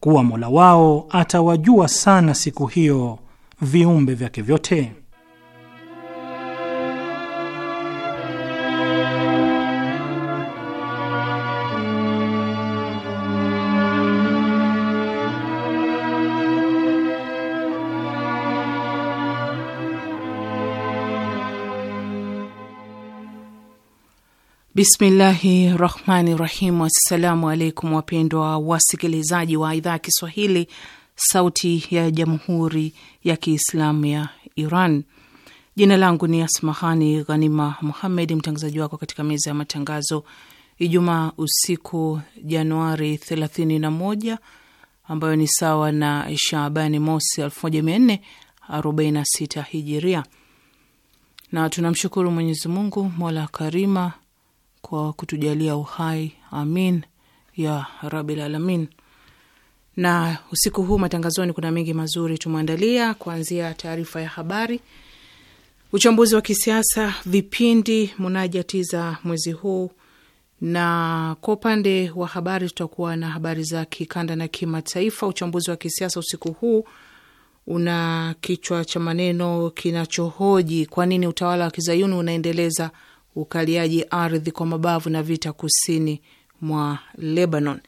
kuwa Mola wao atawajua sana siku hiyo viumbe vyake vyote. Bismillahi rahmani rahim. Assalamu alaikum wapendwa wasikilizaji wa idhaa ya Kiswahili sauti ya jamhuri ya Kiislamu ya Iran. Jina langu ni Asmahani Ghanima Muhammed, mtangazaji wako katika meza ya matangazo Ijumaa usiku Januari 31 ambayo ni sawa na Shabani mosi 1446 hijiria, na tunamshukuru Mwenyezi Mungu mola karima kwa kutujalia uhai, amin ya rabil alamin. Na usiku huu matangazoni kuna mengi mazuri tumeandalia, kuanzia taarifa ya habari, uchambuzi wa kisiasa, vipindi munajati za mwezi huu, na kwa upande wa habari tutakuwa na habari za kikanda na kimataifa. Uchambuzi wa kisiasa usiku huu una kichwa cha maneno kinachohoji kwa nini utawala wa kizayuni unaendeleza ukaliaji ardhi kwa mabavu na vita kusini mwa Lebanon.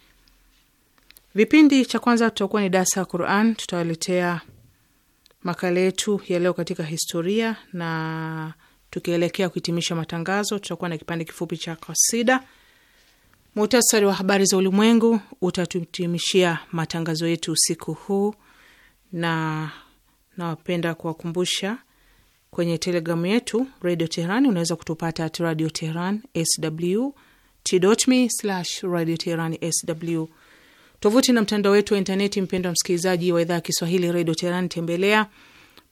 Vipindi cha kwanza tutakuwa ni dasa ya Quran, tutawaletea makala yetu ya leo katika historia, na tukielekea kuhitimisha matangazo tutakuwa na kipande kifupi cha kasida. Muhtasari wa habari za ulimwengu utatuhitimishia matangazo yetu usiku huu, na nawapenda kuwakumbusha Kwenye telegramu yetu Radio Teherani unaweza kutupata at Radio Teheran sw t.me slash Radio Teheran sw. Tovuti na mtandao wetu wa intaneti, mpendo wa msikilizaji wa idhaa ya Kiswahili Radio teheran tembelea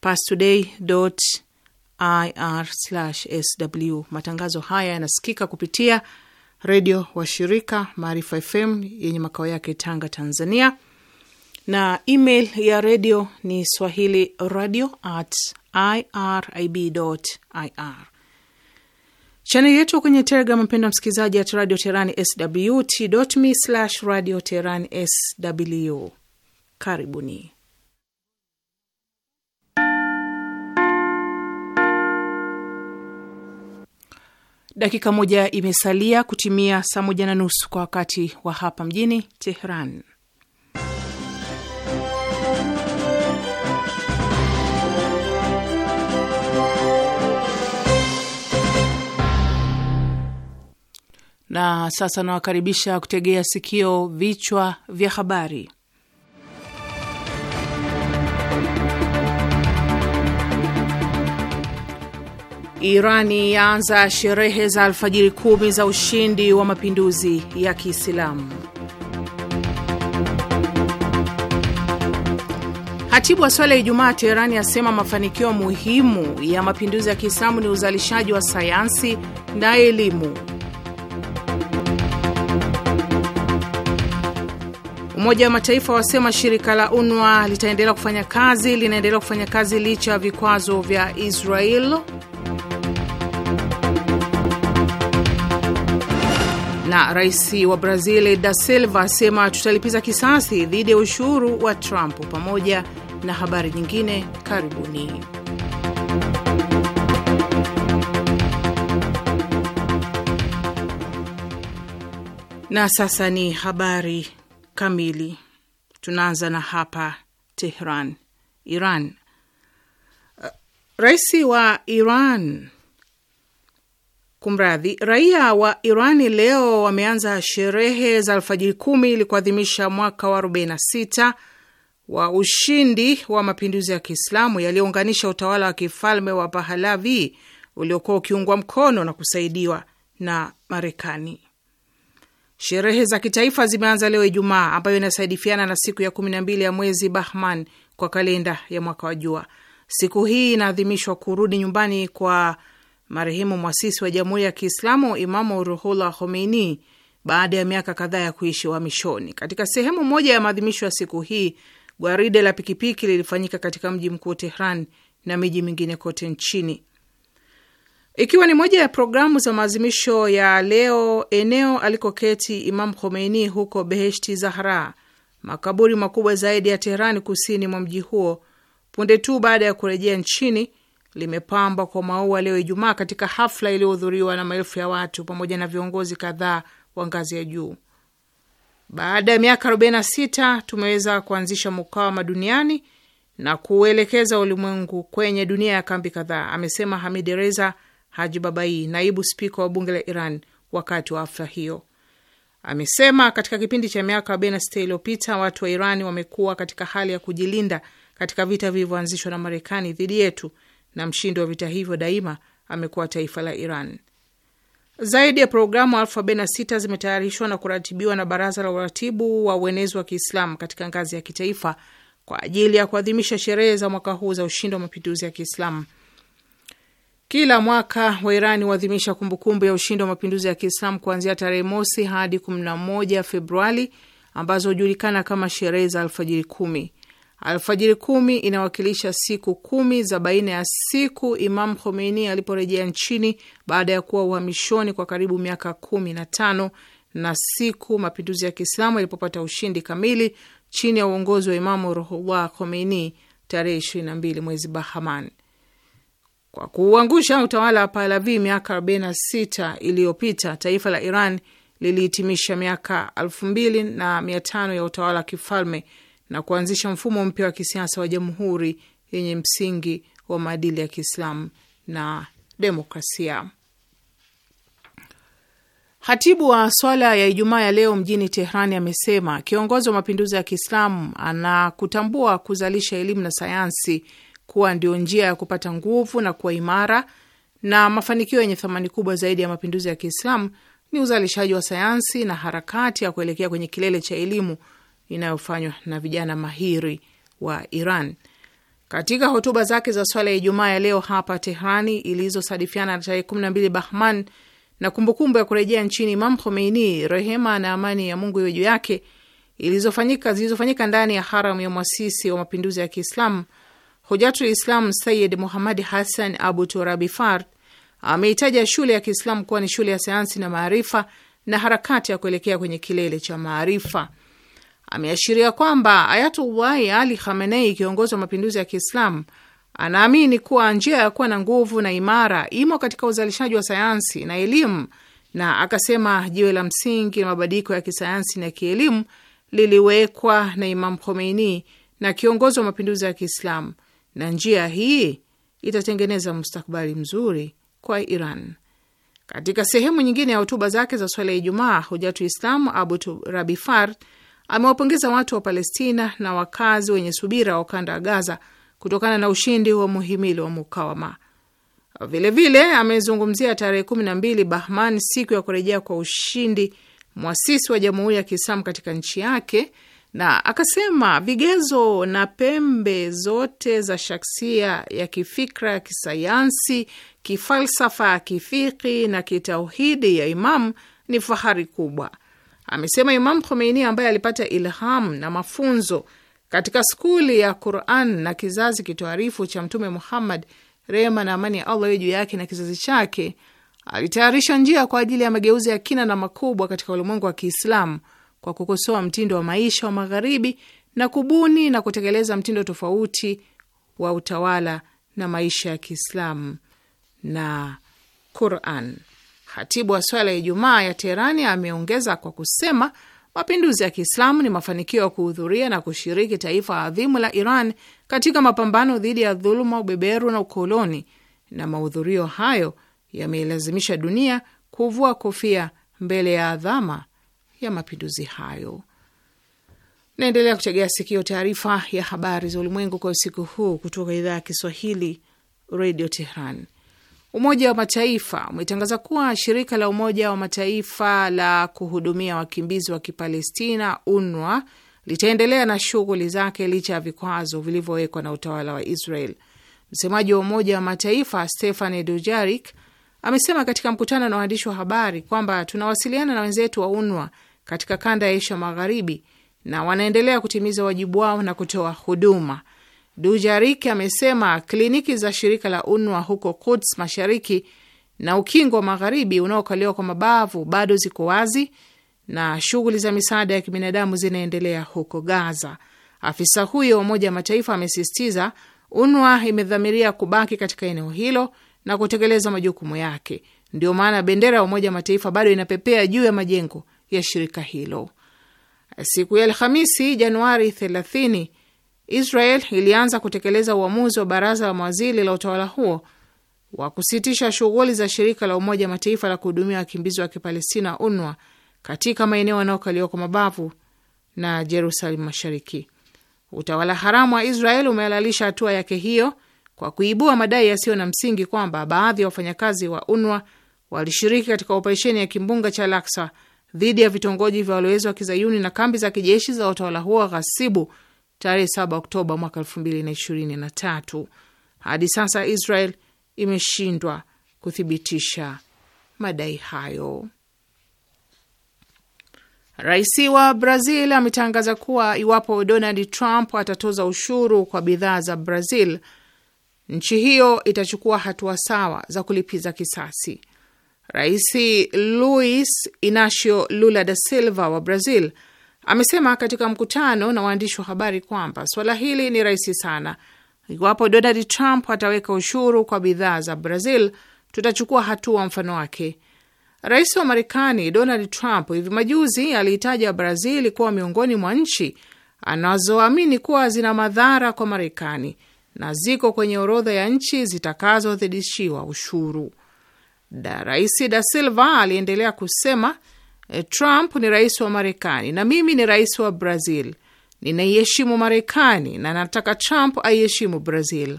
pastoday ir sw. Matangazo haya yanasikika kupitia redio wa shirika Maarifa FM yenye makao yake Tanga, Tanzania, na email ya redio ni swahili radio at irib.ir. Chaneli yetu kwenye Telegram, mpenda msikilizaji, at Radio teheran sw t.me slash Radio Teherani sw. Karibuni. Dakika moja imesalia kutimia saa moja na nusu kwa wakati wa hapa mjini Teheran. na sasa nawakaribisha kutegea sikio vichwa vya habari. Irani yaanza sherehe za alfajiri kumi za ushindi wa mapinduzi ya Kiislamu. Hatibu wa swala ya Ijumaa Teherani asema mafanikio muhimu ya mapinduzi ya Kiislamu ni uzalishaji wa sayansi na elimu Umoja wa Mataifa wasema shirika la UNWA litaendelea kufanya kazi, linaendelea kufanya kazi licha ya vikwazo vya Israel. Na rais wa Brazil da Silva asema tutalipiza kisasi dhidi ya ushuru wa Trump, pamoja na habari nyingine. Karibuni. Na sasa ni habari kamili. Tunaanza na hapa Tehran, Iran. Rais wa Iran Kumradhi, raia wa Irani leo wameanza sherehe za alfajiri kumi ili kuadhimisha mwaka wa 46 wa ushindi wa mapinduzi ya Kiislamu yaliyounganisha utawala wa kifalme wa Pahalavi uliokuwa ukiungwa mkono na kusaidiwa na Marekani. Sherehe za kitaifa zimeanza leo Ijumaa, ambayo inasaidifiana na siku ya kumi na mbili ya mwezi Bahman kwa kalenda ya mwaka wa jua. Siku hii inaadhimishwa kurudi nyumbani kwa marehemu mwasisi wa Jamhuri ya Kiislamu Imamu Ruhullah Khomeini baada ya miaka kadhaa ya kuishi uhamishoni. Katika sehemu moja ya maadhimisho ya siku hii, gwaride la pikipiki lilifanyika katika mji mkuu Tehran na miji mingine kote nchini ikiwa ni moja ya programu za maadhimisho ya leo eneo alikoketi Imam Khomeini huko Beheshti Zahra, makaburi makubwa zaidi ya Teherani kusini mwa mji huo, punde tu baada ya kurejea nchini, limepambwa kwa maua leo Ijumaa katika hafla iliyohudhuriwa na maelfu ya watu pamoja na viongozi kadhaa wa ngazi ya juu. Baada ya miaka 46 tumeweza kuanzisha mukawama duniani na kuuelekeza ulimwengu kwenye dunia ya kambi kadhaa, amesema Hamid Reza, Haji Babai, naibu spika wa bunge la Iran, wakati wa hafla hiyo. Amesema katika kipindi cha miaka 46 iliyopita watu wa Iran wamekuwa katika hali ya kujilinda katika vita vilivyoanzishwa na Marekani dhidi yetu, na mshindi wa vita hivyo daima amekuwa taifa la Iran. Zaidi ya programu 46 sita zimetayarishwa na kuratibiwa na Baraza la Uratibu wa Uenezi wa Kiislamu katika ngazi ya kitaifa kwa ajili ya kuadhimisha sherehe za mwaka huu za ushindi wa mapinduzi ya Kiislamu kila mwaka Wairani huadhimisha kumbukumbu ya ushindi wa mapinduzi ya Kiislamu kuanzia tarehe mosi hadi 11 Februari, ambazo hujulikana kama sherehe za alfajiri kumi. Alfajiri kumi inawakilisha siku kumi za baina ya siku Imam Khomeini aliporejea nchini baada ya kuwa uhamishoni kwa karibu miaka kumi na tano na siku mapinduzi ya Kiislamu yalipopata ushindi kamili chini ya uongozi wa Imamu Ruhullah Khomeini tarehe 22 mwezi Bahaman. Kwa kuuangusha utawala wa Pahlavi miaka 46 iliyopita, taifa la Iran lilihitimisha miaka 2500 ya utawala wa kifalme na kuanzisha mfumo mpya wa kisiasa wa jamhuri yenye msingi wa maadili ya Kiislamu na demokrasia. Hatibu wa swala ya Ijumaa ya leo mjini Tehrani amesema kiongozi wa mapinduzi ya Kiislamu anakutambua kuzalisha elimu na sayansi kuwa ndio njia ya kupata nguvu na kuwa imara, na mafanikio yenye thamani kubwa zaidi ya mapinduzi ya Kiislamu ni uzalishaji wa sayansi na harakati ya kuelekea kwenye kilele cha elimu inayofanywa na vijana mahiri wa Iran. Katika hotuba zake za swala ya Ijumaa ya leo hapa Tehrani, ilizosadifiana na tarehe 12 Bahman na kumbukumbu ya kurejea nchini Imam Khomeini, rehema na amani ya Mungu iwe juu yake, zilizofanyika ndani ya haram ya mwasisi wa mapinduzi ya Kiislamu Hujatul Islam Sayid Muhamad Hassan Abu Turabi Fard ameitaja shule ya Kiislamu kuwa ni shule ya sayansi na maarifa na harakati ya kuelekea kwenye kilele cha maarifa. Ameashiria kwamba Ayatullahi Ali Khamenei, kiongozi wa mapinduzi ya Kiislamu, anaamini kuwa njia ya kuwa na nguvu na imara imo katika uzalishaji wa sayansi na elimu, na akasema jiwe la msingi na mabadiliko ya kisayansi na kielimu liliwekwa na Imam Khomeini na kiongozi wa mapinduzi ya Kiislamu na njia hii itatengeneza mstakbali mzuri kwa Iran. Katika sehemu nyingine ya hotuba zake za swala ya Ijumaa, Hujatu islam Abu Rabifar amewapongeza watu wa Palestina na wakazi wenye subira wa ukanda wa Gaza kutokana na ushindi wa muhimili wa Mukawama. Vilevile amezungumzia tarehe kumi na mbili Bahman, siku ya kurejea kwa ushindi mwasisi wa jamhuri ya Kiislamu katika nchi yake na akasema vigezo na pembe zote za shaksia ya kifikra, kisayansi, kifalsafa, kifiki na kitauhidi ya Imam ni fahari kubwa. Amesema Imam Khomeini ambaye alipata ilham na mafunzo katika skuli ya Quran na kizazi kitoarifu cha Mtume Muhammad, rehma na amani ya Allah juu yake na kizazi chake, alitayarisha njia kwa ajili ya mageuzi ya kina na makubwa katika ulimwengu wa Kiislamu kwa kukosoa mtindo wa maisha wa Magharibi na kubuni na kutekeleza mtindo tofauti wa utawala na maisha ya Kiislamu na Quran. Hatibu wa swala ya Ijumaa ya Teherani ameongeza kwa kusema mapinduzi ya Kiislamu ni mafanikio ya kuhudhuria na kushiriki taifa adhimu la Iran katika mapambano dhidi ya dhuluma, ubeberu na ukoloni, na mahudhurio hayo yameilazimisha dunia kuvua kofia mbele ya adhama ya mapinduzi hayo. Naendelea kutegea sikio taarifa ya habari za ulimwengu kwa usiku huu kutoka idhaa ya Kiswahili Radio Tehran. Umoja wa Mataifa umetangaza kuwa shirika la Umoja wa Mataifa la kuhudumia wakimbizi wa Kipalestina unwa litaendelea na shughuli zake licha ya vikwazo vilivyowekwa na utawala wa Israel. Msemaji wa Umoja wa Mataifa Stefan Dujarik amesema katika mkutano na waandishi wa habari kwamba tunawasiliana na wenzetu wa unwa katika kanda ya Asia Magharibi na wanaendelea kutimiza wajibu wao na kutoa huduma. Dujarik amesema kliniki za shirika la UNWA huko Quds Mashariki na Ukingo wa Magharibi unaokaliwa kwa mabavu bado ziko wazi na shughuli za misaada ya kibinadamu zinaendelea huko Gaza. Afisa huyo wa Umoja wa Mataifa amesisitiza UNWA imedhamiria kubaki katika eneo hilo na kutekeleza majukumu yake. Ndio maana bendera ya Umoja wa Mataifa bado inapepea juu ya majengo ya shirika hilo. Siku ya Alhamisi, Januari 30, Israel ilianza kutekeleza uamuzi wa baraza la mawaziri la utawala huo wa kusitisha shughuli za shirika la Umoja Mataifa la kuhudumia wakimbizi wa Kipalestina, UNWA, katika maeneo yanayokaliwa kwa mabavu na Jerusalem Mashariki. Utawala haramu wa Israel umehalalisha hatua yake hiyo kwa kuibua madai yasiyo na msingi kwamba baadhi ya wafanyakazi wa UNWA walishiriki katika operesheni ya kimbunga cha Laksa dhidi ya vitongoji vya walowezi wa kizayuni na kambi za kijeshi za utawala huo wa ghasibu tarehe 7 Oktoba mwaka 2023. Hadi sasa Israel imeshindwa kuthibitisha madai hayo. Rais wa Brazil ametangaza kuwa iwapo Donald Trump atatoza ushuru kwa bidhaa za Brazil, nchi hiyo itachukua hatua sawa za kulipiza kisasi. Rais Luis Inacio Lula da Silva wa Brazil amesema katika mkutano na waandishi wa habari kwamba swala hili ni rahisi sana. Iwapo Donald Trump ataweka ushuru kwa bidhaa za Brazil, tutachukua hatua mfano wake. Rais wa Marekani Donald Trump hivi majuzi aliitaja Brazil kuwa miongoni mwa nchi anazoamini kuwa zina madhara kwa Marekani na ziko kwenye orodha ya nchi zitakazodhidishiwa ushuru. Da Rais Da Silva aliendelea kusema eh, Trump ni rais wa Marekani na mimi ni rais wa Brazil. Ninaiheshimu Marekani na nataka Trump aiheshimu Brazil.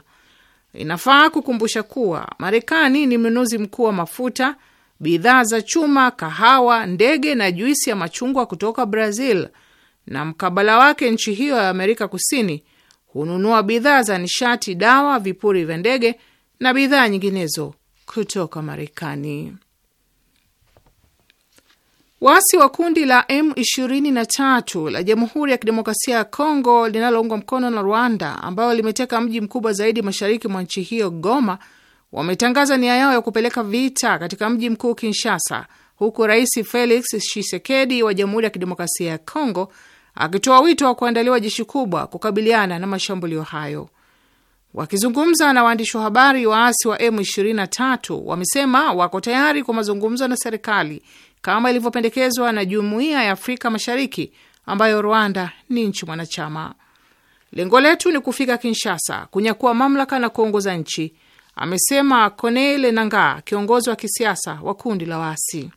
Inafaa kukumbusha kuwa Marekani ni mnunuzi mkuu wa mafuta, bidhaa za chuma, kahawa, ndege na juisi ya machungwa kutoka Brazil, na mkabala wake nchi hiyo ya Amerika Kusini hununua bidhaa za nishati, dawa, vipuri vya ndege na bidhaa nyinginezo kutoka Marekani. Waasi wa kundi la M23 la Jamhuri ya Kidemokrasia ya Kongo linaloungwa mkono na Rwanda, ambao limeteka mji mkubwa zaidi mashariki mwa nchi hiyo, Goma, wametangaza nia yao ya kupeleka vita katika mji mkuu Kinshasa, huku Rais Felix Tshisekedi wa Jamhuri ya Kidemokrasia ya Kongo akitoa wito wa kuandaliwa jeshi kubwa kukabiliana na mashambulio hayo. Wakizungumza na waandishi wa habari, waasi wa M23 wamesema wako tayari kwa mazungumzo na serikali kama ilivyopendekezwa na Jumuiya ya Afrika Mashariki ambayo Rwanda ni nchi mwanachama. Lengo letu ni kufika Kinshasa, kunyakua mamlaka na kuongoza nchi, amesema Corneille Nangaa, kiongozi wa kisiasa wa kundi la waasi.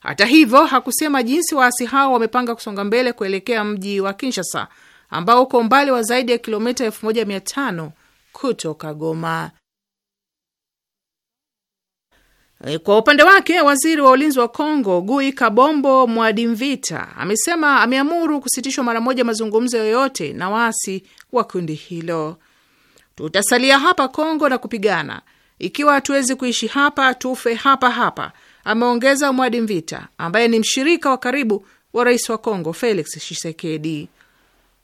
Hata hivyo, hakusema jinsi waasi hao wamepanga kusonga mbele kuelekea mji wa Kinshasa ambao uko umbali wa zaidi ya kilomita 1500 kutoka Goma. E, kwa upande wake waziri wa ulinzi wa Kongo Gui Kabombo Mwadimvita amesema ameamuru kusitishwa mara moja mazungumzo yoyote na waasi wa kundi hilo. Tutasalia hapa Kongo na kupigana, ikiwa hatuwezi kuishi hapa, tufe hapa hapa, ameongeza Mwadimvita ambaye ni mshirika wa karibu wa rais wa Kongo Felix Tshisekedi.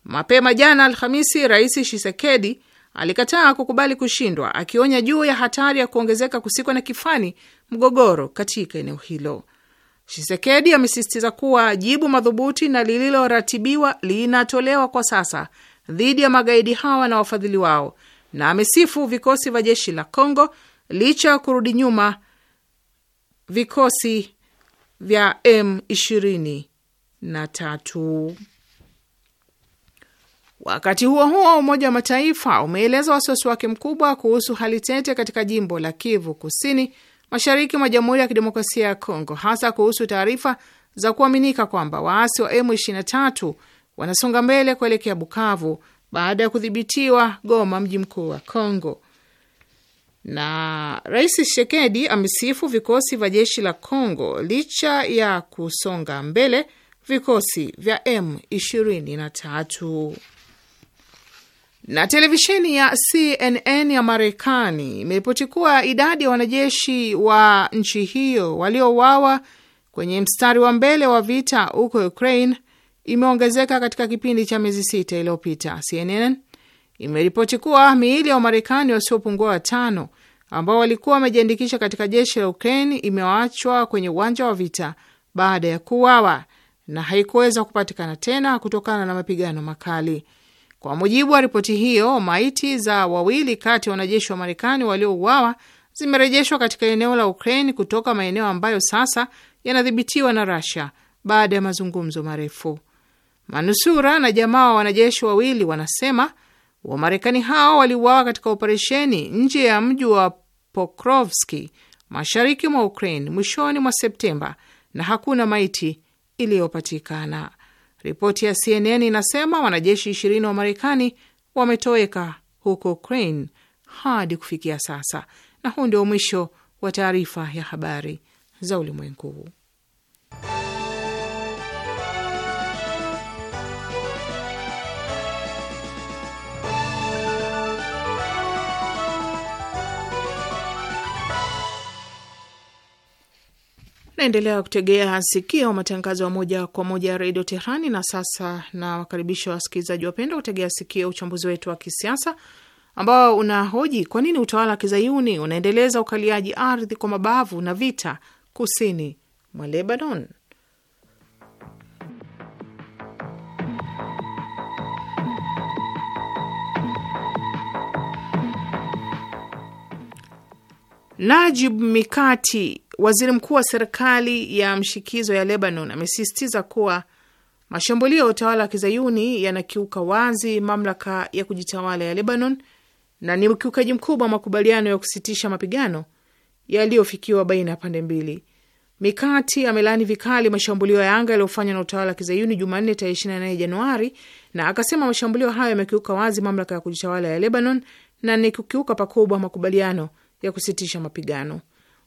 Mapema jana Alhamisi, Rais shisekedi alikataa kukubali kushindwa, akionya juu ya hatari ya kuongezeka kusiko na kifani mgogoro katika eneo hilo. shisekedi amesisitiza kuwa jibu madhubuti na lililoratibiwa linatolewa kwa sasa dhidi ya magaidi hawa na wafadhili wao, na amesifu vikosi vya jeshi la Kongo licha ya kurudi nyuma vikosi vya M23. Wakati huo huo, Umoja wa Mataifa umeeleza wasiwasi wake mkubwa kuhusu hali tete katika jimbo la Kivu Kusini, mashariki mwa Jamhuri ya Kidemokrasia ya Kongo, hasa kuhusu taarifa za kuaminika kwamba waasi wa M23 wanasonga mbele kuelekea Bukavu baada ya kudhibitiwa Goma, mji mkuu wa Kongo. Na Rais Tshisekedi amesifu vikosi vya jeshi la Kongo licha ya kusonga mbele vikosi vya M23. Na televisheni ya CNN ya Marekani imeripoti kuwa idadi ya wanajeshi wa nchi hiyo waliouawa kwenye mstari wa mbele wa vita huko Ukraine imeongezeka katika kipindi cha miezi sita iliyopita. CNN imeripoti kuwa miili ya Wamarekani wasiopungua watano ambao walikuwa wamejiandikisha katika jeshi la Ukraine imewaachwa kwenye uwanja wa vita baada ya kuuawa na haikuweza kupatikana tena kutokana na mapigano makali. Kwa mujibu wa ripoti hiyo, maiti za wawili kati ya wanajeshi wa Marekani waliouawa zimerejeshwa katika eneo la Ukraine kutoka maeneo ambayo sasa yanadhibitiwa na Russia baada ya mazungumzo marefu. Manusura na jamaa wa wanajeshi wawili wanasema Wamarekani hao waliuawa katika operesheni nje ya mji wa Pokrovski mashariki mwa Ukraine mwishoni mwa Septemba na hakuna maiti iliyopatikana. Ripoti ya CNN inasema wanajeshi ishirini wa Marekani wametoweka huko Ukraine hadi kufikia sasa, na huu ndio mwisho wa taarifa ya habari za ulimwengu. Naendelea kutegea sikio matangazo ya moja kwa moja ya redio Tehrani. Na sasa na wakaribisha wasikilizaji wapendwa kutegea sikio uchambuzi wetu wa kisiasa ambao unahoji kwa nini utawala wa kizayuni unaendeleza ukaliaji ardhi kwa mabavu na vita kusini mwa Lebanon. Najib Mikati Waziri mkuu wa serikali ya mshikizo ya Lebanon amesisitiza kuwa mashambulio ya utawala wa kizayuni yanakiuka wazi mamlaka ya kujitawala ya Lebanon na ni ukiukaji mkubwa wa makubaliano ya kusitisha mapigano yaliyofikiwa baina ya pande mbili. Mikati amelaani vikali mashambulio ya anga yaliyofanywa na utawala wa kizayuni Jumanne tarehe 28 Januari, na akasema mashambulio hayo yamekiuka wazi mamlaka ya kujitawala ya Lebanon na ni kukiuka pakubwa makubaliano ya kusitisha mapigano.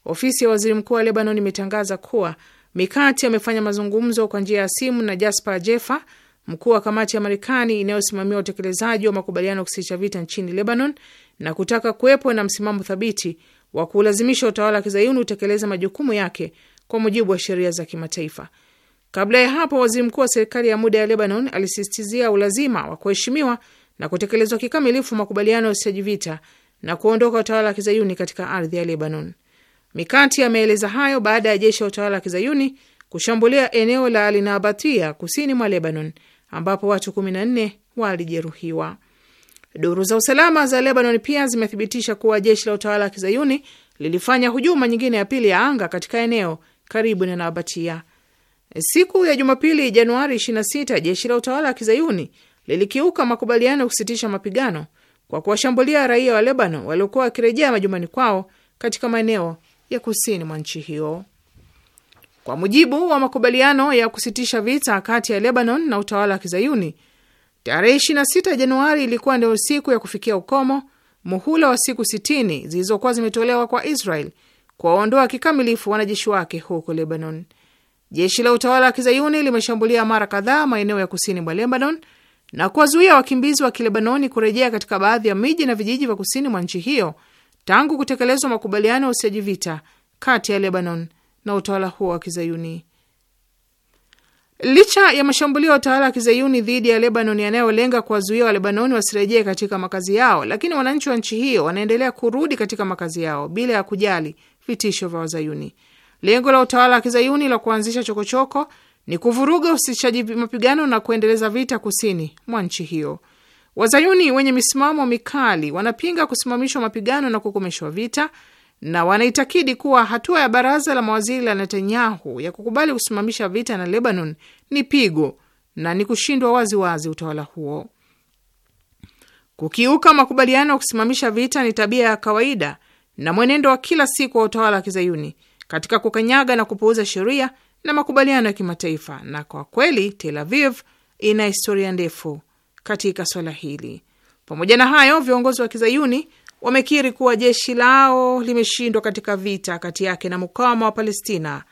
Ofisi ya waziri mkuu wa Lebanon imetangaza kuwa Mikati amefanya mazungumzo kwa njia ya simu na Jasper Jeffer, mkuu wa kamati ya Marekani inayosimamia utekelezaji wa makubaliano ya kusitisha vita nchini Lebanon, na kutaka kuwepo na msimamo thabiti wa kuulazimisha utawala wa kizayuni utekeleze majukumu yake kwa mujibu wa sheria za kimataifa. Kabla ya hapo, waziri mkuu wa serikali ya muda ya Lebanon alisisitizia ulazima wa kuheshimiwa na kutekelezwa kikamilifu makubaliano ya usitishaji vita na kuondoka utawala wa kizayuni katika ardhi ya Lebanon. Mikati ameeleza hayo baada ya jeshi la utawala wa kizayuni kushambulia eneo la Alinabatia kusini mwa Lebanon, ambapo watu 14 walijeruhiwa. Duru za usalama za Lebanon pia zimethibitisha kuwa jeshi la utawala wa kizayuni lilifanya hujuma nyingine ya pili ya anga katika eneo karibu na Nabatia siku ya Jumapili, Januari 26. Jeshi la utawala wa kizayuni lilikiuka makubaliano ya kusitisha mapigano kwa kuwashambulia raia wa Lebanon waliokuwa wakirejea majumbani kwao katika maeneo ya kusini mwa nchi hiyo. Kwa mujibu wa makubaliano ya kusitisha vita kati ya Lebanon na utawala wa Kizayuni, tarehe 26 Januari ilikuwa ndio siku ya kufikia ukomo muhula wa siku 60 zilizokuwa zimetolewa kwa Israel kuwaondoa kikamilifu wanajeshi wake huko Lebanon. Jeshi la utawala wa Kizayuni limeshambulia mara kadhaa maeneo ya kusini mwa Lebanon na kuwazuia wakimbizi wa Kilebanoni kurejea katika baadhi ya miji na vijiji vya kusini mwa nchi hiyo tangu kutekelezwa makubaliano ya usiaji vita kati ya Lebanon na utawala huo wa Kizayuni. Licha ya mashambulio ya utawala wa Kizayuni dhidi ya Lebanon yanayolenga kuwazuia Walebanoni wasirejee katika makazi yao, lakini wananchi wa nchi hiyo wanaendelea kurudi katika makazi yao bila ya kujali vitisho vya Wazayuni. Lengo la utawala wa Kizayuni la kuanzisha chokochoko ni kuvuruga usitishaji mapigano na kuendeleza vita kusini mwa nchi hiyo. Wazayuni wenye misimamo mikali wanapinga kusimamishwa mapigano na kukomeshwa vita na wanaitakidi kuwa hatua ya baraza la mawaziri la Netanyahu ya kukubali kusimamisha vita na Lebanon ni pigo na ni kushindwa waziwazi utawala huo. Kukiuka makubaliano ya kusimamisha vita ni tabia ya kawaida na mwenendo wa kila siku wa utawala wa kizayuni katika kukanyaga na kupuuza sheria na makubaliano ya kimataifa, na kwa kweli Tel Aviv ina historia ndefu katika swala hili. Pamoja na hayo, viongozi wa kizayuni wamekiri kuwa jeshi lao limeshindwa katika vita kati yake na mukawama wa Palestina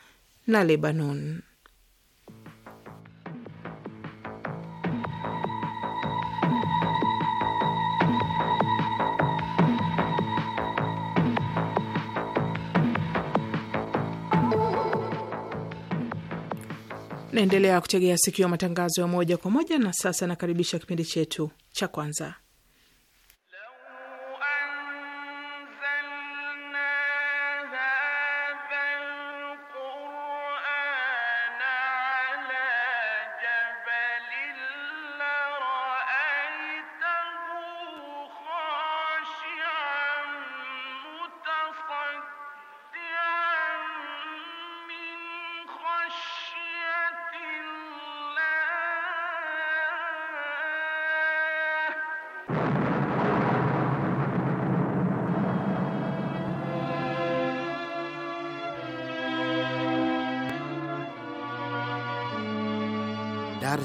na Lebanon. Naendelea kutegea sikio matangazo ya moja kwa moja, na sasa nakaribisha kipindi chetu cha kwanza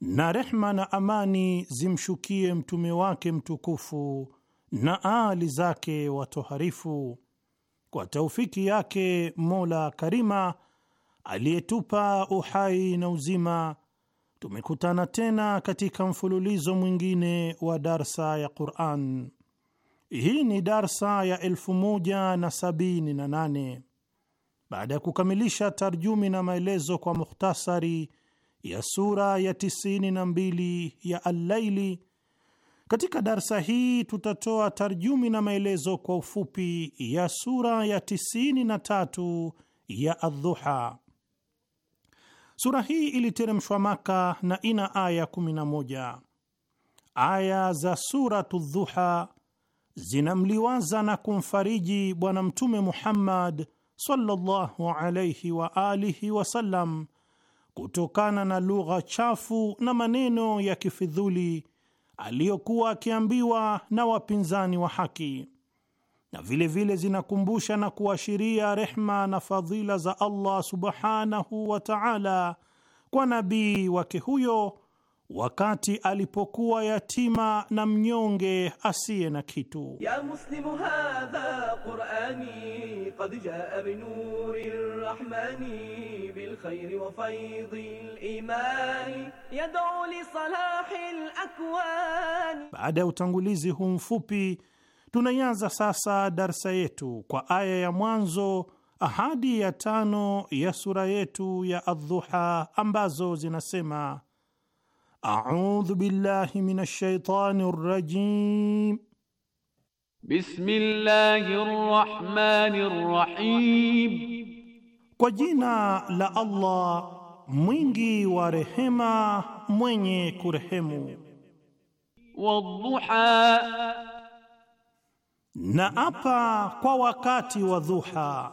na rehma na amani zimshukie mtume wake mtukufu na aali zake watoharifu. Kwa taufiki yake Mola Karima aliyetupa uhai na uzima, tumekutana tena katika mfululizo mwingine wa darsa ya Quran. Hii ni darsa ya elfu moja na sabini na nane baada ya kukamilisha tarjumi na maelezo kwa mukhtasari ya sura ya tisini na mbili ya Allaili. Katika darsa hii tutatoa tarjumi na maelezo kwa ufupi ya sura ya tisini na tatu ya Adhuha. Sura hii iliteremshwa Maka na ina aya moja. Aya za Suratu Dhuha zinamliwaza na kumfariji Bwana Mtume Muhammad sallallahu alayhi wa alihi wasallam kutokana na lugha chafu na maneno ya kifidhuli aliyokuwa akiambiwa na wapinzani wa haki, na vile vile zinakumbusha na kuashiria rehma na fadhila za Allah subhanahu wa ta'ala kwa nabii wake huyo wakati alipokuwa yatima na mnyonge asiye na kitu. ya muslimu hadha qurani qad jaa bi nuri bil khairi wa faidi limani yad'u li salahi Baada ya utangulizi huu mfupi, tunaianza sasa darsa yetu kwa aya ya mwanzo ahadi ya tano ya sura yetu ya Adhuha ambazo zinasema A'udhu billahi minash shaitani rrajim. Bismillahir rahmanir rahim. Kwa jina la Allah mwingi wa rehema mwenye kurehemu. Wadhuha, na apa kwa wakati wa dhuha.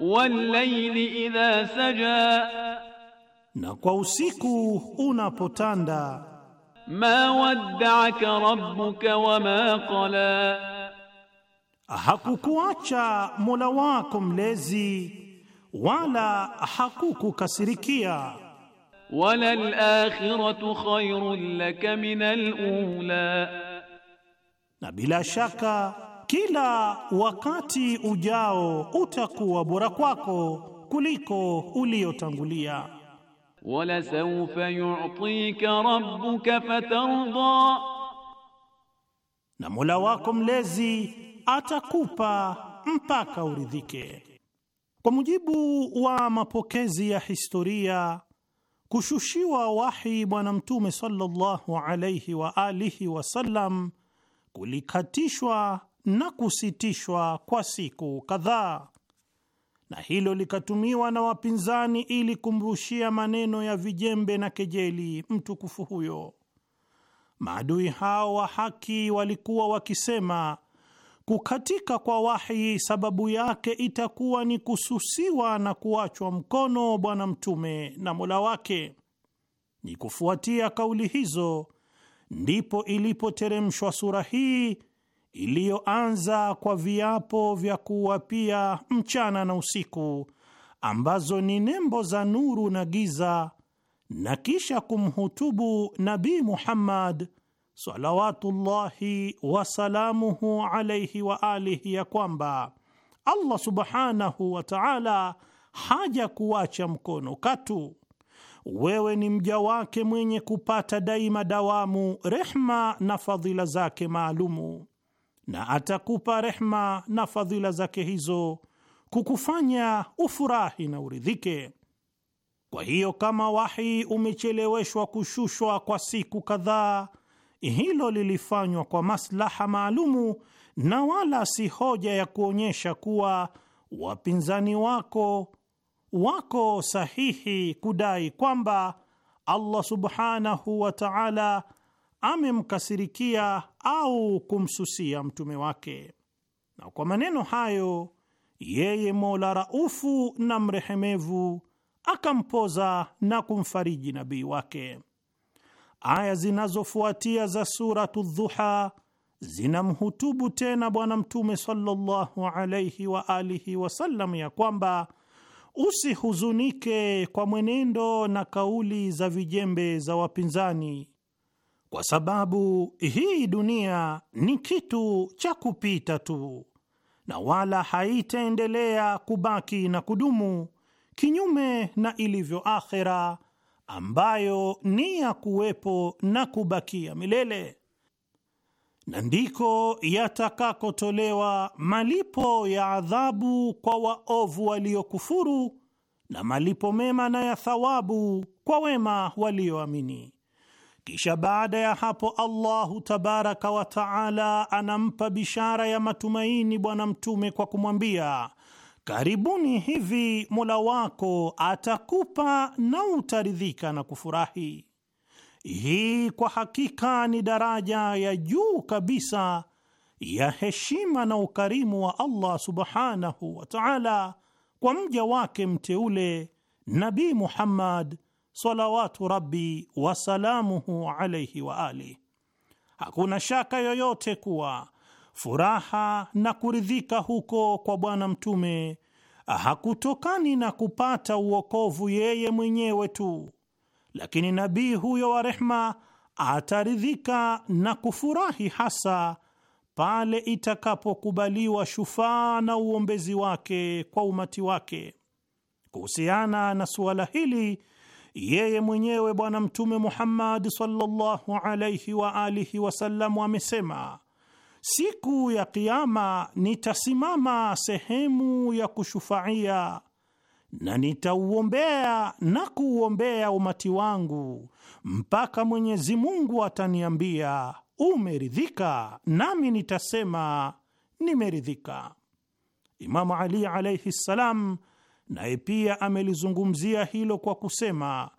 Wallayli idha saja na kwa usiku unapotanda. Ma wadda'aka rabbuka ma qala, hakukuacha Mola wako mlezi wala hakukukasirikia. Wala al-akhiratu khayrun laka min al-ula, na bila shaka kila wakati ujao utakuwa bora kwako kuliko uliotangulia wala sawfa yu'tika rabbuka fatarda, na Mola wako mlezi atakupa mpaka uridhike. Kwa mujibu wa mapokezi ya historia, kushushiwa wahi Bwana Mtume sallallahu alayhi wa alihi wasallam kulikatishwa na kusitishwa kwa siku kadhaa na hilo likatumiwa na wapinzani ili kumrushia maneno ya vijembe na kejeli mtukufu huyo. Maadui hao wa haki walikuwa wakisema kukatika kwa wahi sababu yake itakuwa ni kususiwa na kuachwa mkono Bwana Mtume na Mola wake. Ni kufuatia kauli hizo ndipo ilipoteremshwa sura hii iliyoanza kwa viapo vya kuwapia mchana na usiku, ambazo ni nembo za nuru na giza, na kisha kumhutubu nabi Muhammad salawatullahi wasalamuhu alaihi wa alihi, ya kwamba Allah subhanahu wa taala haja kuacha mkono katu. Wewe ni mja wake mwenye kupata daima dawamu rehma na fadhila zake maalumu na atakupa rehma na fadhila zake hizo kukufanya ufurahi na uridhike. Kwa hiyo kama wahi umecheleweshwa kushushwa kwa siku kadhaa, hilo lilifanywa kwa maslaha maalumu na wala si hoja ya kuonyesha kuwa wapinzani wako wako sahihi kudai kwamba Allah subhanahu wa ta'ala amemkasirikia au kumsusia mtume wake. Na kwa maneno hayo yeye Mola raufu na mrehemevu akampoza na kumfariji nabii wake. Aya zinazofuatia za Suratu Dhuha zinamhutubu tena Bwana Mtume sallallahu alaihi wa alihi wasallam ya kwamba usihuzunike kwa mwenendo na kauli za vijembe za wapinzani kwa sababu hii dunia ni kitu cha kupita tu na wala haitaendelea kubaki na kudumu, kinyume na ilivyo akhera ambayo ni ya kuwepo na kubakia milele, na ndiko yatakakotolewa malipo ya adhabu kwa waovu waliokufuru na malipo mema na ya thawabu kwa wema walioamini. Kisha baada ya hapo Allahu tabaraka wa taala anampa bishara ya matumaini Bwana Mtume kwa kumwambia, karibuni hivi Mola wako atakupa na utaridhika na kufurahi. Hii kwa hakika ni daraja ya juu kabisa ya heshima na ukarimu wa Allah subhanahu wa taala kwa mja wake mteule Nabii Muhammad salawatu rabbi wasalamuhu alaihi wa Hakuna shaka yoyote kuwa furaha na kuridhika huko kwa Bwana Mtume hakutokani na kupata uokovu yeye mwenyewe tu, lakini nabii huyo wa rehma ataridhika na kufurahi hasa pale itakapokubaliwa shufaa na uombezi wake kwa umati wake. Kuhusiana na suala hili yeye mwenyewe Bwana Mtume Muhammad sallallahu alayhi wa alihi wasallam amesema, siku ya Kiama nitasimama sehemu ya kushufaia na nitauombea na kuuombea umati wangu mpaka Mwenyezi Mungu ataniambia umeridhika, nami nitasema nimeridhika. Imamu Ali alaihi ssalam naye pia amelizungumzia hilo kwa kusema,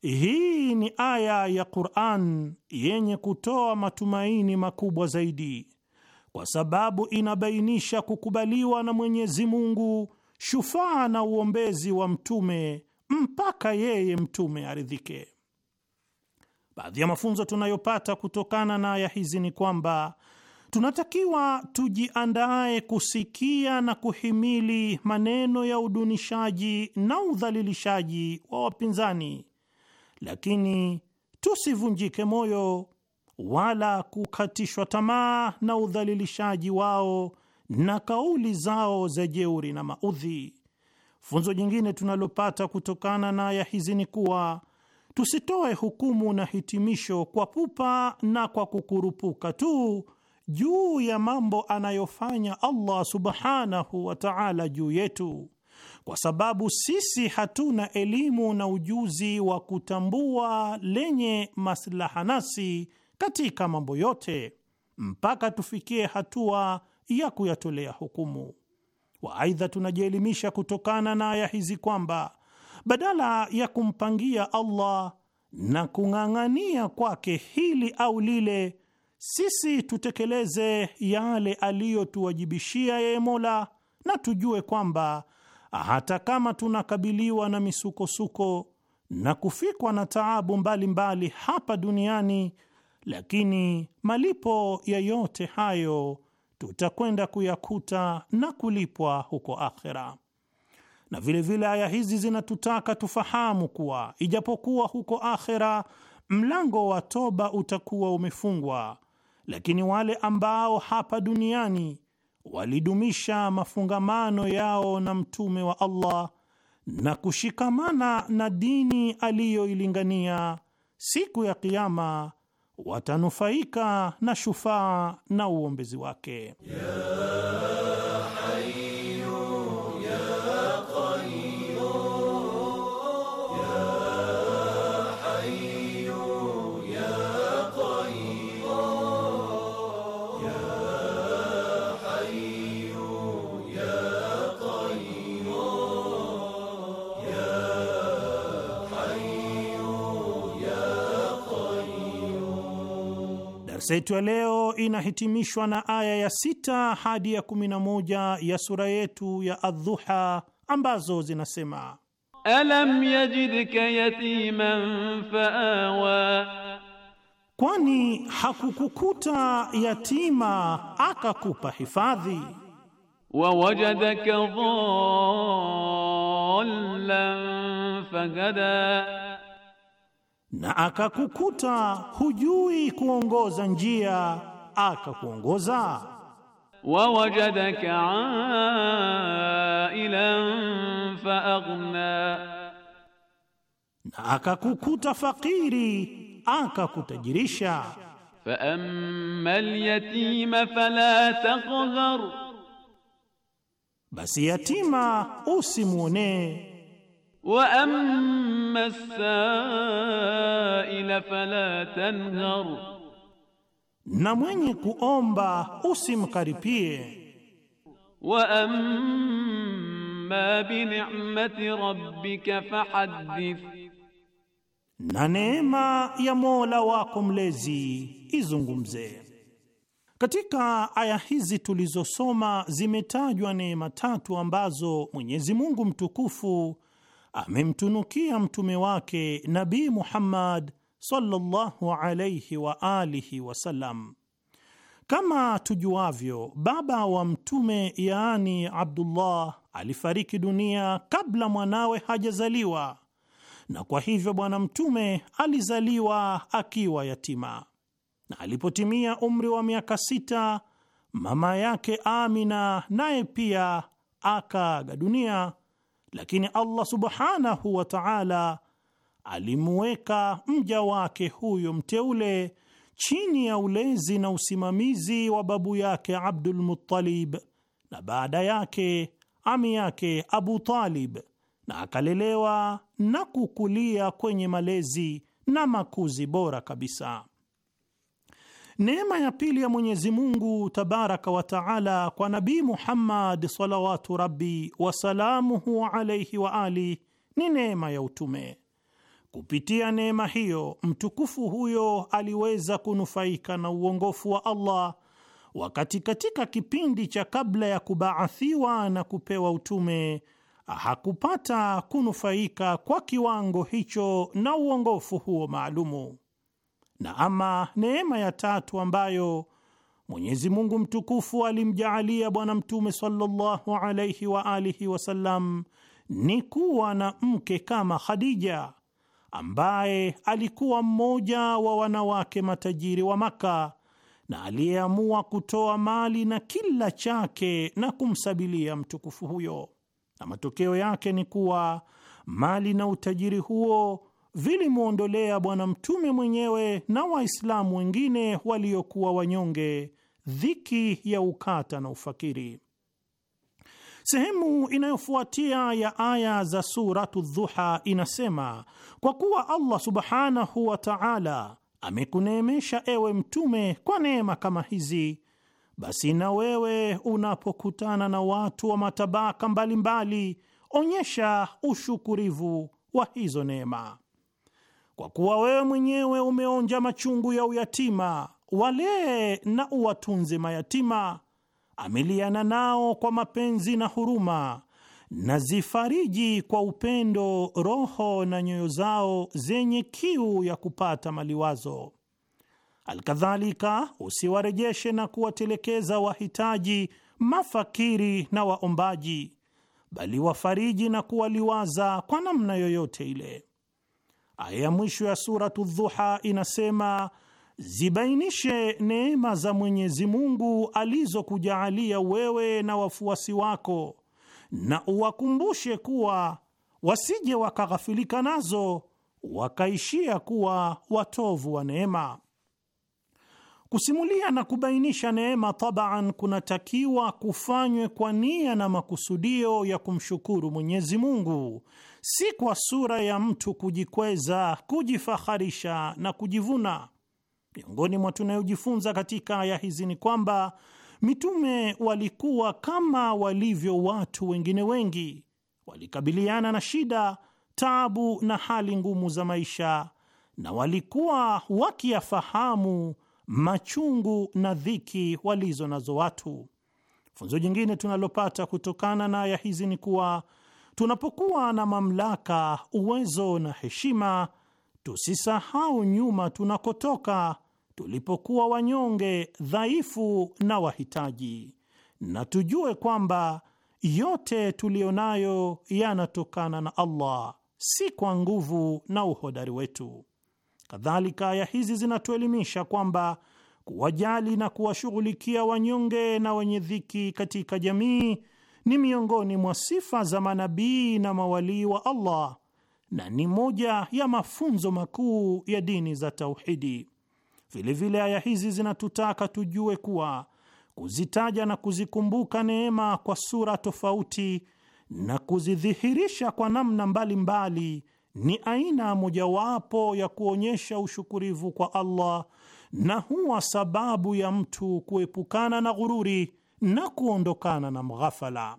hii ni aya ya Qur'an yenye kutoa matumaini makubwa zaidi, kwa sababu inabainisha kukubaliwa na Mwenyezi Mungu shufaa na uombezi wa mtume mpaka yeye mtume aridhike. Baadhi ya mafunzo tunayopata kutokana na aya hizi ni kwamba tunatakiwa tujiandae kusikia na kuhimili maneno ya udunishaji na udhalilishaji wa wapinzani, lakini tusivunjike moyo wala kukatishwa tamaa na udhalilishaji wao na kauli zao za jeuri na maudhi. Funzo jingine tunalopata kutokana na aya hizi ni kuwa tusitoe hukumu na hitimisho kwa pupa na kwa kukurupuka tu juu ya mambo anayofanya Allah subhanahu wa ta'ala juu yetu, kwa sababu sisi hatuna elimu na ujuzi wa kutambua lenye maslaha nasi katika mambo yote mpaka tufikie hatua ya kuyatolea hukumu. Waaidha, tunajielimisha kutokana na aya hizi kwamba badala ya kumpangia Allah na kung'ang'ania kwake hili au lile sisi tutekeleze yale aliyotuwajibishia yeye Mola, na tujue kwamba hata kama tunakabiliwa na misukosuko na kufikwa na taabu mbalimbali mbali hapa duniani, lakini malipo ya yote hayo tutakwenda kuyakuta na kulipwa huko akhera. Na vilevile vile aya hizi zinatutaka tufahamu kuwa ijapokuwa huko akhera mlango wa toba utakuwa umefungwa lakini wale ambao hapa duniani walidumisha mafungamano yao na mtume wa Allah na kushikamana na dini aliyoilingania, siku ya Kiyama watanufaika na shufaa na uombezi wake yeah. Darsa yetu ya leo inahitimishwa na aya ya sita hadi ya kumi na moja ya sura yetu ya Adhuha ambazo zinasema: alam yajidka yatiman faawa, kwani hakukukuta yatima akakupa hifadhi. Wawajadaka dhallan fahada na akakukuta hujui kuongoza njia akakuongoza. Wawajadaka ailan aghna, na akakukuta fakiri akakutajirisha. amma alyatima fala taqhar, basi yatima usimwonee wa amma saila fala tanhar, na mwenye kuomba usimkaripie. Wa amma bi ni'mati rabbika fahaddith, na neema ya Mola wako mlezi izungumze. Katika aya hizi tulizosoma zimetajwa neema tatu ambazo Mwenyezi Mungu mtukufu amemtunukia mtume wake Nabii Muhammad sallallahu alayhi wa alihi wasallam. Kama tujuavyo, baba wa mtume yaani Abdullah alifariki dunia kabla mwanawe hajazaliwa, na kwa hivyo bwana mtume alizaliwa akiwa yatima, na alipotimia umri wa miaka sita, mama yake Amina naye pia akaaga dunia lakini Allah subhanahu wa ta'ala alimweka mja wake huyo mteule chini ya ulezi na usimamizi wa babu yake Abdul Muttalib na baada yake ami yake Abu Talib na akalelewa na kukulia kwenye malezi na makuzi bora kabisa. Neema ya pili ya Mwenyezi Mungu tabaraka wa taala kwa Nabii Muhammad salawatu rabbi wasalamuhu alaihi wa ali ni neema ya utume. Kupitia neema hiyo mtukufu huyo aliweza kunufaika na uongofu wa Allah wakati katika kipindi cha kabla ya kubaathiwa na kupewa utume hakupata kunufaika kwa kiwango hicho na uongofu huo maalumu. Na ama neema ya tatu ambayo Mwenyezi Mungu mtukufu alimjaalia Bwana Mtume sallallahu alayhi wa alihi wasallam ni kuwa na mke kama Khadija ambaye alikuwa mmoja wa wanawake matajiri wa Maka na aliyeamua kutoa mali na kila chake na kumsabilia mtukufu huyo, na matokeo yake ni kuwa mali na utajiri huo vilimwondolea Bwana Mtume mwenyewe na Waislamu wengine waliokuwa wanyonge dhiki ya ukata na ufakiri. Sehemu inayofuatia ya aya za Suratu Dhuha inasema, kwa kuwa Allah subhanahu wa taala amekuneemesha ewe Mtume kwa neema kama hizi, basi na wewe unapokutana na watu wa matabaka mbalimbali mbali, onyesha ushukurivu wa hizo neema kwa kuwa wewe mwenyewe umeonja machungu ya uyatima, walee na uwatunze mayatima, amiliana nao kwa mapenzi na huruma, na zifariji kwa upendo roho na nyoyo zao zenye kiu ya kupata maliwazo. Alkadhalika, usiwarejeshe na kuwatelekeza wahitaji, mafakiri na waombaji, bali wafariji na kuwaliwaza kwa namna yoyote ile. Aya ya mwisho ya Suratu Dhuha inasema zibainishe neema za Mwenyezi Mungu alizokujaalia wewe na wafuasi wako, na uwakumbushe kuwa wasije wakaghafilika nazo wakaishia kuwa watovu wa neema. Kusimulia na kubainisha neema tabaan, kunatakiwa kufanywe kwa nia na makusudio ya kumshukuru Mwenyezi Mungu si kwa sura ya mtu kujikweza, kujifaharisha na kujivuna. Miongoni mwa tunayojifunza katika aya hizi ni kwamba mitume walikuwa kama walivyo watu wengine wengi, walikabiliana na shida, taabu na hali ngumu za maisha, na walikuwa wakiyafahamu machungu na dhiki walizo nazo watu. Funzo jingine tunalopata kutokana na aya hizi ni kuwa tunapokuwa na mamlaka, uwezo na heshima, tusisahau nyuma tunakotoka, tulipokuwa wanyonge, dhaifu na wahitaji, na tujue kwamba yote tuliyo nayo yanatokana na Allah, si kwa nguvu na uhodari wetu. Kadhalika, aya hizi zinatuelimisha kwamba kuwajali na kuwashughulikia wanyonge na wenye dhiki katika jamii ni miongoni mwa sifa za manabii na mawalii wa Allah na ni moja ya mafunzo makuu ya dini za tauhidi. Vilevile aya hizi zinatutaka tujue kuwa kuzitaja na kuzikumbuka neema kwa sura tofauti na kuzidhihirisha kwa namna mbalimbali mbali, ni aina mojawapo ya kuonyesha ushukurivu kwa Allah na huwa sababu ya mtu kuepukana na ghururi na kuondokana na mghafala.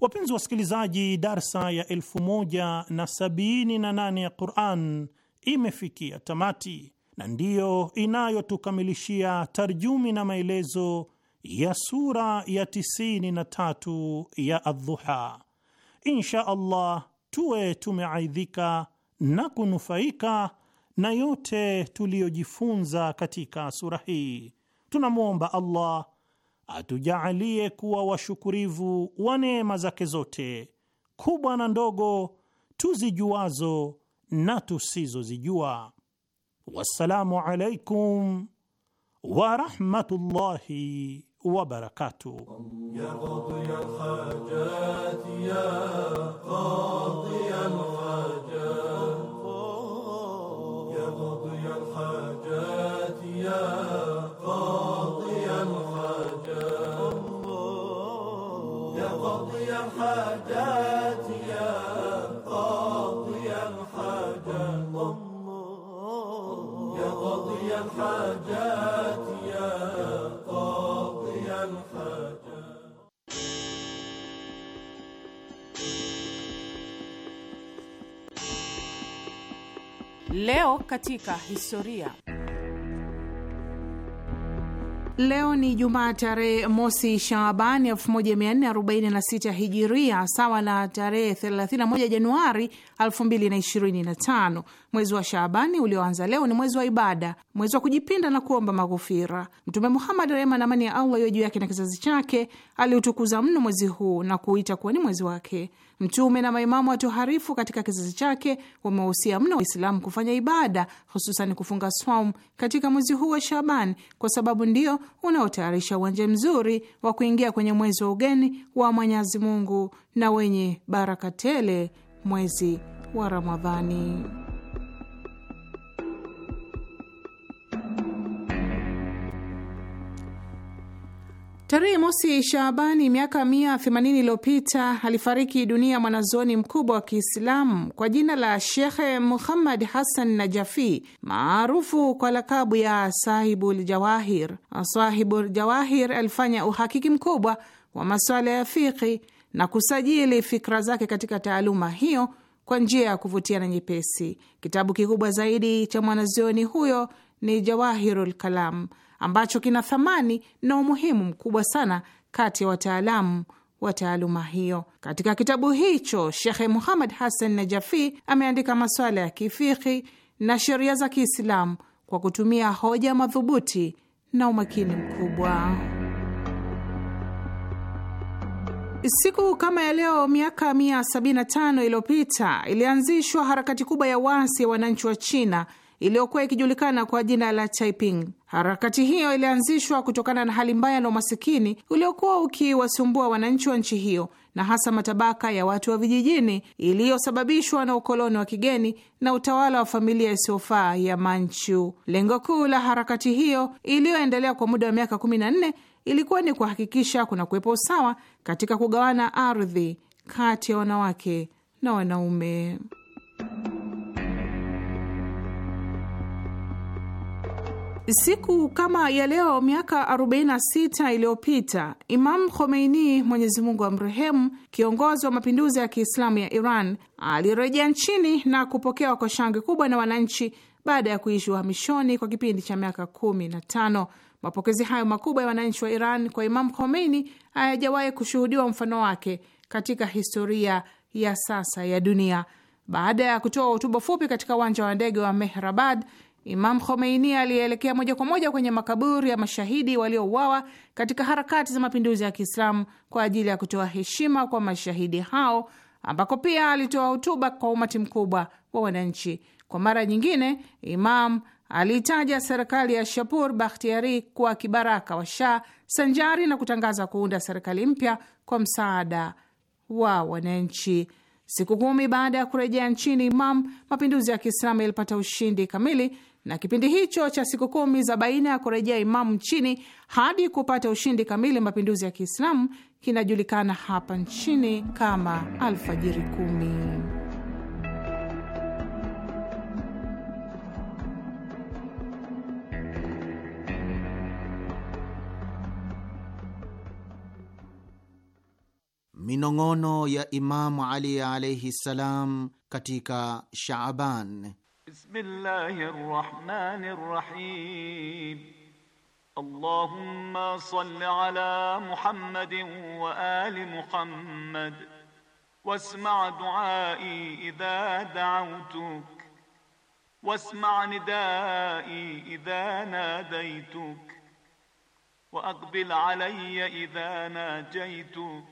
Wapenzi wasikilizaji, darsa ya 178 na na ya Quran imefikia tamati na ndiyo inayotukamilishia tarjumi na maelezo ya sura ya tisini na tatu ya Adhuha. Insha Allah tuwe tumeaidhika na kunufaika na yote tuliyojifunza katika sura hii. Tunamwomba Allah atujaalie kuwa washukurivu wa neema zake zote kubwa na ndogo, tuzijuazo na tusizozijua. Wassalamu alaikum warahmatullahi wabarakatuh. حدات يا قاضي الحاجات يا قاضي الحاجات يا قاضي الحاجات Leo katika historia. Leo ni Jumaa tarehe mosi Shaabani 1446 Hijiria, sawa na tarehe 31 Januari 2025. Mwezi wa Shaabani ulioanza leo ni mwezi wa ibada, mwezi wa kujipinda na kuomba maghufira. Mtume Muhammad, rehema na amani ya Allah iwe juu yake na kizazi chake, aliutukuza mno mwezi huu na kuuita kuwa ni mwezi wake Mtume na maimamu watoharifu katika kizazi chake wamewahusia mno Waislamu kufanya ibada, hususan kufunga swam katika mwezi huu wa Shaban, kwa sababu ndio unaotayarisha uwanja mzuri wa kuingia kwenye mwezi wa ugeni wa Mwenyezi Mungu na wenye baraka tele, mwezi wa Ramadhani. Tarehe mosi Shaabani miaka mia themanini iliyopita alifariki dunia mwanazoni mkubwa wa Kiislamu kwa jina la Shekhe Muhammad Hassan Najafi, maarufu kwa lakabu ya Sahibul Jawahir. Sahibul Jawahir alifanya uhakiki mkubwa wa masuala ya fiqhi na kusajili fikra zake katika taaluma hiyo kwa njia ya kuvutia na nyepesi. Kitabu kikubwa zaidi cha mwanazuoni huyo ni Jawahirul Kalam ambacho kina thamani na umuhimu mkubwa sana kati ya wataalamu wa taaluma hiyo. Katika kitabu hicho, Shekhe Muhammad Hassan Najafi ameandika masuala ya kifikhi na sheria za Kiislamu kwa kutumia hoja madhubuti na umakini mkubwa. Siku kama ya leo miaka 175 iliyopita ilianzishwa harakati kubwa ya wasi ya wananchi wa China iliyokuwa ikijulikana kwa jina la Taiping. Harakati hiyo ilianzishwa kutokana na hali mbaya na umasikini uliokuwa ukiwasumbua wananchi wa nchi hiyo na hasa matabaka ya watu wa vijijini iliyosababishwa na ukoloni wa kigeni na utawala wa familia isiyofaa ya Manchu. Lengo kuu la harakati hiyo iliyoendelea kwa muda wa miaka 14 ilikuwa ni kuhakikisha kuna kuwepo usawa katika kugawana ardhi kati ya wanawake na wanaume. Siku kama ya leo miaka 46 iliyopita Imam Khomeini, Mwenyezi Mungu amrehemu, kiongozi wa mapinduzi ya Kiislamu ya Iran, alirejea nchini na kupokewa kwa shangwe kubwa na wananchi baada ya kuishi uhamishoni kwa kipindi cha miaka 15. Mapokezi hayo makubwa ya wananchi wa Iran kwa Imam Khomeini hayajawahi kushuhudiwa mfano wake katika historia ya sasa ya dunia. Baada ya kutoa hotuba fupi katika uwanja wa ndege wa Mehrabad, Imam Khomeini alielekea moja kwa moja kwenye makaburi ya mashahidi waliouawa katika harakati za mapinduzi ya Kiislamu kwa ajili ya kutoa heshima kwa mashahidi hao, ambako pia alitoa hotuba kwa umati mkubwa wa wananchi. Kwa mara nyingine, Imam aliitaja serikali ya Shapur Bakhtiari kuwa kibaraka wa Shah sanjari na kutangaza kuunda serikali mpya kwa msaada wa wananchi. Siku kumi baada ya kurejea nchini Imam, mapinduzi ya Kiislamu yalipata ushindi kamili, na kipindi hicho cha siku kumi za baina ya kurejea imam nchini hadi kupata ushindi kamili mapinduzi ya Kiislamu kinajulikana hapa nchini kama Alfajiri Kumi. minong'ono ya Imamu Ali alaihi ssalam katika Shaaban. Bismillahir Rahmanir rahim. Allahumma salli ala Muhammadin wa ali Muhammad wasma duai idha da'autuk wasma nidai idha nadaituk wa aqbil alayya idha najaituk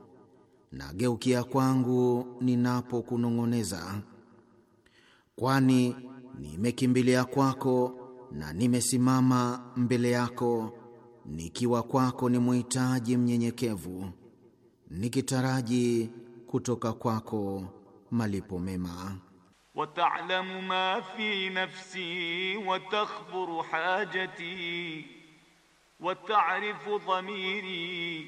nageukia kwangu ninapokunong'oneza, kwani nimekimbilia kwako na nimesimama mbele yako nikiwa kwako ni muhitaji mnyenyekevu, nikitaraji kutoka kwako malipo mema. wataalamu ma fi nafsi wa takhburu hajati wa ta'rifu dhamiri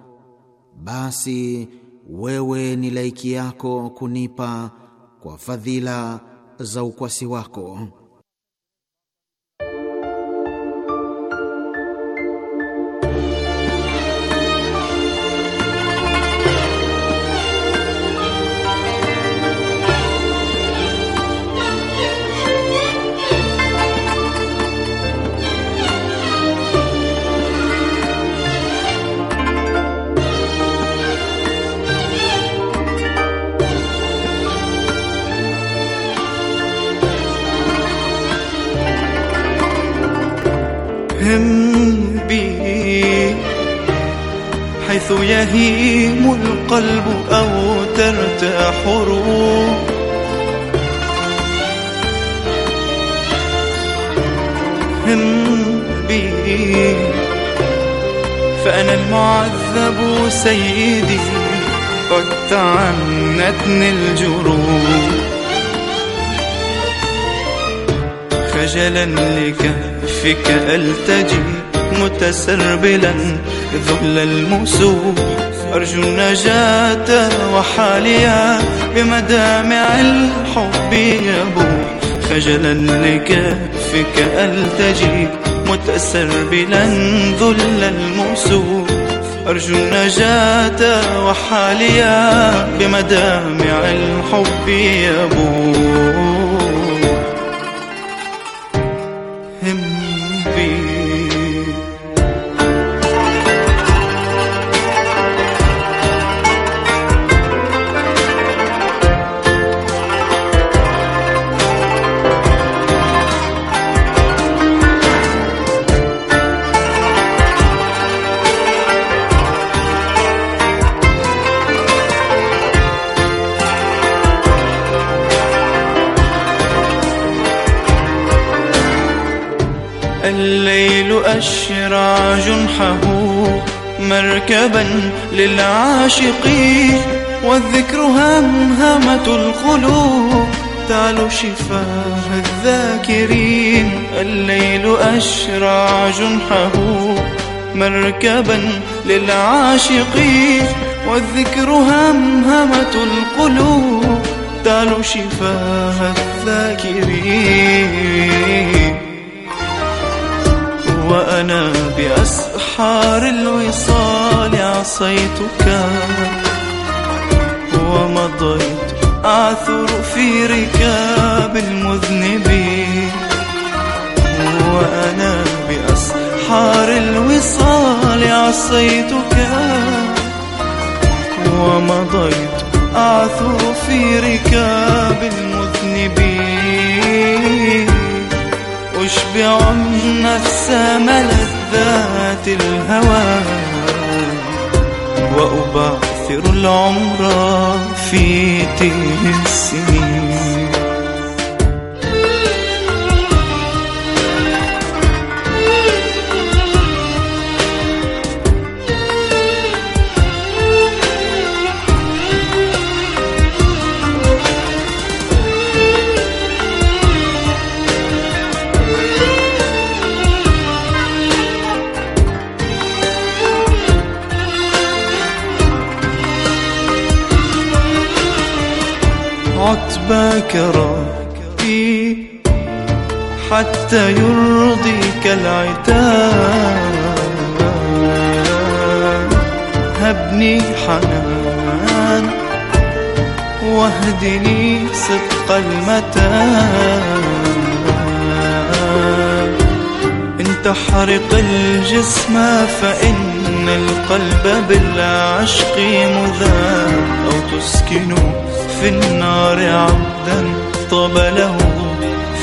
basi wewe ni laiki yako kunipa kwa fadhila za ukwasi wako. مهتم حيث يهيم القلب أو ترتاح روح هم فأنا المعذب سيدي قد تعنتني الجروح خجلا لكهفك ألتجي متسربلا ذل المسوح أرجو النجاة وحاليا بمدامع الحب يبوح خجلا لكهفك ألتجي متسربلا ذل المسوح أرجو النجاة وحاليا بمدامع الحب يبوح الشرع جنحه مركبا للعاشقين والذكر همهمة القلوب تعلو شفاه الذاكرين الليل أشرع جنحه مركبا للعاشقين والذكر همهمة القلوب تعلو شفاه الذاكرين وأنا بأسحار الوصال عصيتك ومضيت أعثر في ركاب المذنبين وأنا بأسحار الوصال عصيتك ومضيت أعثر في ركاب المذنبين أشبع النفس ملذات الهوى وأبعثر العمر في تلك السنين باكرا حتى يرضيك العتاب هبني حنان واهدني صدق المتان تحرق الجسم فإن القلب بالعشق مذاب أو تسكنه في النار عبدا طاب له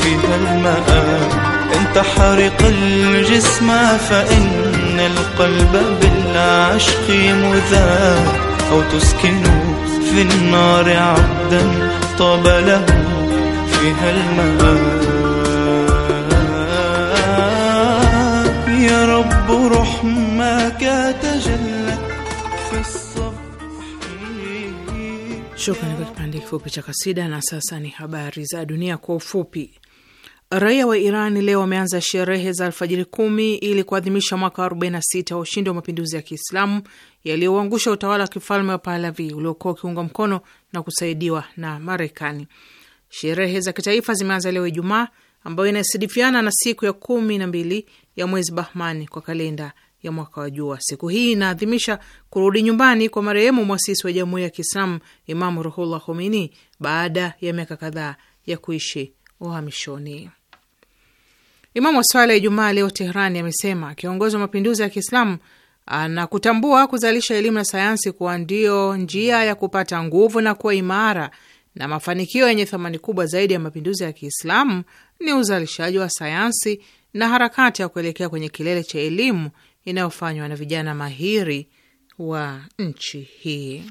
فيها المآب انت تحرق الجسم فإن القلب بالعشق مذاب أو تسكن في النار عبدا طاب له فيها المآب يا رب رحمك تجلت في السماء Shukrani kwa kipande kifupi cha kasida. Na sasa ni habari za dunia kwa ufupi. Raia wa Iran leo wameanza sherehe za alfajiri kumi ili kuadhimisha mwaka 46 wa ushindi wa mapinduzi ya Kiislamu yaliyouangusha utawala wa kifalme wa Pahlavi uliokuwa ukiungwa mkono na kusaidiwa na Marekani. Sherehe za kitaifa zimeanza leo Ijumaa, ambayo inasidifiana na siku ya kumi na mbili ya mwezi Bahmani kwa kalenda ya mwaka wa jua. Siku hii inaadhimisha kurudi nyumbani kwa marehemu mwasisi wa Jamhuri ya Kiislamu Imamu Ruhullah Khomeini baada ya miaka kadhaa ya kuishi uhamishoni. Imamu wa swala ya Ijumaa leo Tehrani amesema kiongozi wa mapinduzi ya Kiislamu anakutambua kuzalisha elimu na sayansi kuwa ndio njia ya kupata nguvu na kuwa imara, na mafanikio yenye thamani kubwa zaidi ya mapinduzi ya Kiislamu ni uzalishaji wa sayansi na harakati ya kuelekea kwenye kilele cha elimu inayofanywa na vijana mahiri wa nchi hii.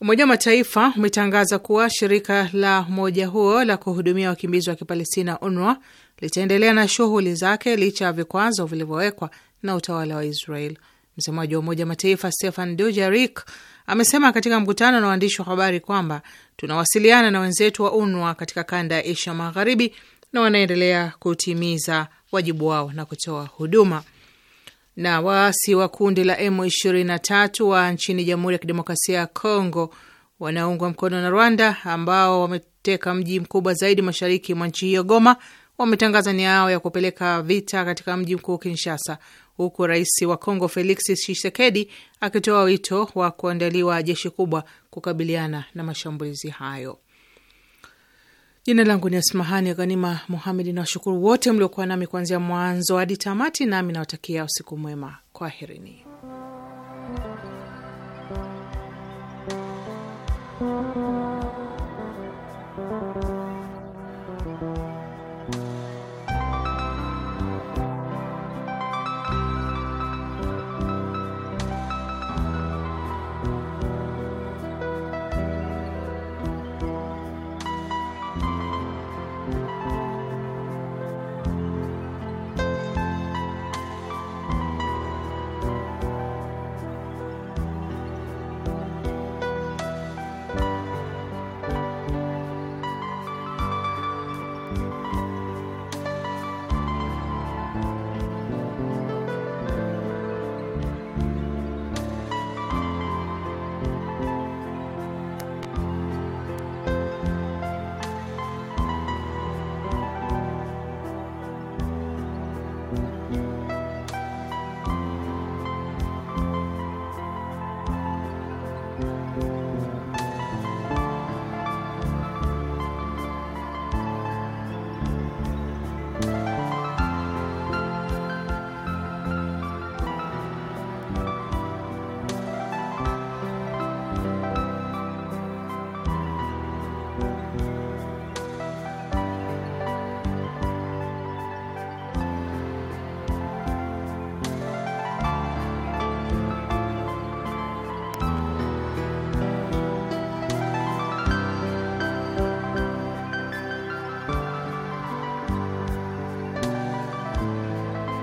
Umoja wa Mataifa umetangaza kuwa shirika la umoja huo la kuhudumia wakimbizi wa Kipalestina, UNRWA, litaendelea na shughuli zake licha ya vikwazo vilivyowekwa na utawala wa Israel. Msemaji wa Umoja wa Mataifa Stefan Dujarik amesema katika mkutano na waandishi wa habari kwamba tunawasiliana na wenzetu wa UNRWA katika kanda ya Asia Magharibi na wanaendelea kutimiza wajibu wao na kutoa huduma. Na waasi wa kundi la M23 wa nchini Jamhuri ya Kidemokrasia ya Kongo wanaoungwa mkono na Rwanda, ambao wameteka mji mkubwa zaidi mashariki mwa nchi hiyo, Goma, wametangaza nia yao ya kupeleka vita katika mji mkuu Kinshasa, huku rais wa Kongo Felix Tshisekedi akitoa wito wa kuandaliwa jeshi kubwa kukabiliana na mashambulizi hayo. Jina langu ni Asmahani Ghanima Muhamedi, na washukuru wote mliokuwa nami kuanzia mwanzo hadi tamati, nami nawatakia usiku mwema. Kwaherini.